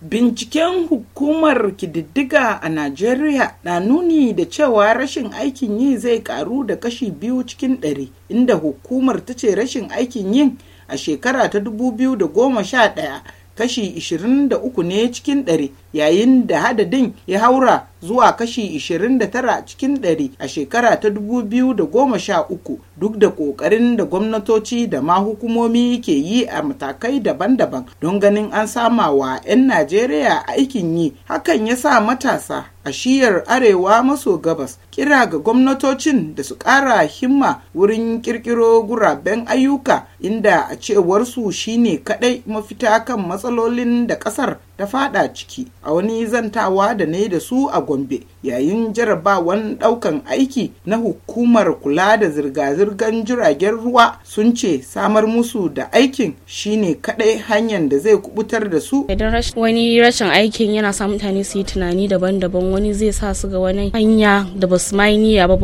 Binciken Hukumar Kididdiga a Najeriya na nuni da cewa rashin aikin yi zai karu da kashi biyu cikin ɗari, inda hukumar ta ce rashin aikin yin a shekara ta 2011 kashi 23 ne cikin ɗari. yayin da hadadin ya haura zuwa kashi 29 cikin 100 a shekara ta 2013 duk da ƙoƙarin da gwamnatoci da ma hukumomi ke yi a matakai daban-daban don ganin an sama wa 'yan Najeriya aikin yi hakan ya sa matasa a shiyar arewa maso gabas kira ga gwamnatocin da su ƙara himma wurin ƙirƙiro guraben ayyuka inda a cewarsu shine kaɗai mafita kan matsalolin da ƙasar ta fada ciki a wani zantawa da na yi da su a Gombe yayin jarabawan ɗaukan aiki na hukumar kula da zirga-zirgar jiragen ruwa sun ce samar musu da aikin shine kadai hanyar da zai kubutar da su. Idan wani rashin aikin yana sa mutane su yi tunani daban-daban wani zai sa su ga wani hanya da ba su niyya ba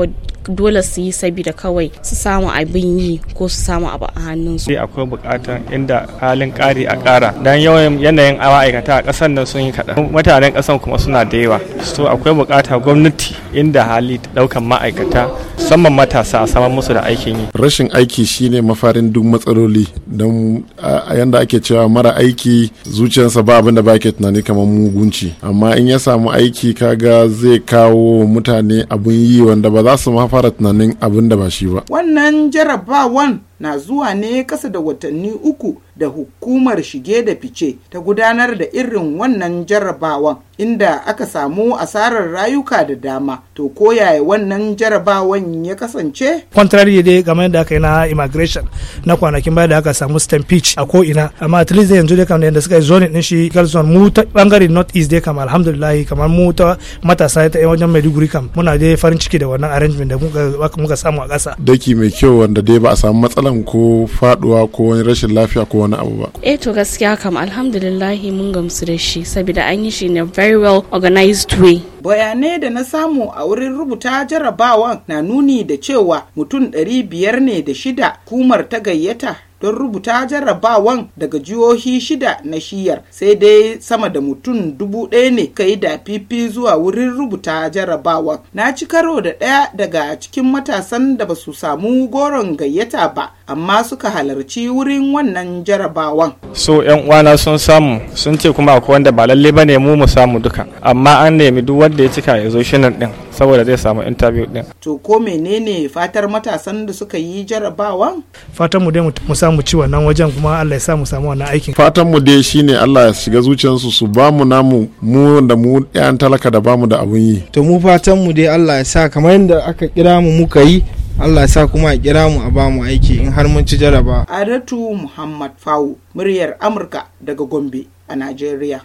dole su yi sabida kawai su samu abin yi ko su samu abu a hannunsu. Sai akwai bukatar inda halin kari a kara dan yawan yanayin ma'aikata a ƙasar nan sun yi kaɗan mutanen ƙasar kuma suna da yawa su akwai bukatan haka gwamnati inda hali ta daukan ma'aikata musamman matasa a saman musu da aikin yi rashin aiki shine mafarin duk matsaloli don a yanda ake cewa mara aiki zuciyarsa ba abin ba ke tunani kamar mugunci amma in ya samu aiki kaga zai kawo mutane abun yi wanda ba za su mafara tunanin abin da ba shi ba wannan jarabawan na zuwa ne kasa da watanni uku da hukumar shige da fice ta gudanar da irin wannan jarrabawan inda aka samu asarar rayuka da dama to koyaye wannan jarrabawan ya kasance contrary dai game da aka yi na immigration na kwanakin baya da aka samu stampede a ko ina amma at least yanzu dai kamar yadda suka yi zonin din shi galson mu ta bangare north east dai kamar alhamdulillah kamar mu ta matasa ta yan wajen maiduguri kam muna dai farin ciki da wannan arrangement da muka samu a ƙasa daki mai kyau wanda dai ba a samu matsalan ko faduwa ko wani rashin lafiya ko wani abu ba eh to gaskiya kam alhamdulillah mun gamsu da shi saboda an yi shi ne very well organized way bayanai da na samu a wurin rubuta jarabawan na nuni da cewa mutum ɗari biyar ne da shida kumar ta gayyata don rubuta jarabawan daga jihohi shida na shiyar sai dai sama da mutum dubu ɗaya ne ka yi da fifi zuwa wurin rubuta jarrabawan na ci karo da ɗaya daga cikin matasan da ba su samu goron gayyata ba amma suka halarci wurin wannan jarabawan. So yan uwana sun samu sun ce kuma akwai wanda ba lalle ba ne mu mu samu duka amma an nemi duk wanda ya cika ya zo shinan din saboda zai samu interview din. To ko menene fatar matasan da suka yi jarabawan? Fatan mu dai mu samu ci wannan wajen kuma Allah ya sa mu samu wannan aikin. Fatan mu dai shine Allah ya shiga zuciyarsu su ba mu namu mu da mu yan talaka da bamu da abun yi. To mu fatan mu dai Allah ya sa kamar yadda aka kira mu muka yi Allah sa kuma a kira mu a ba mu aiki in har mun ci jaraba. Adatu Muhammad Fawo, muryar Amurka daga Gombe a Najeriya.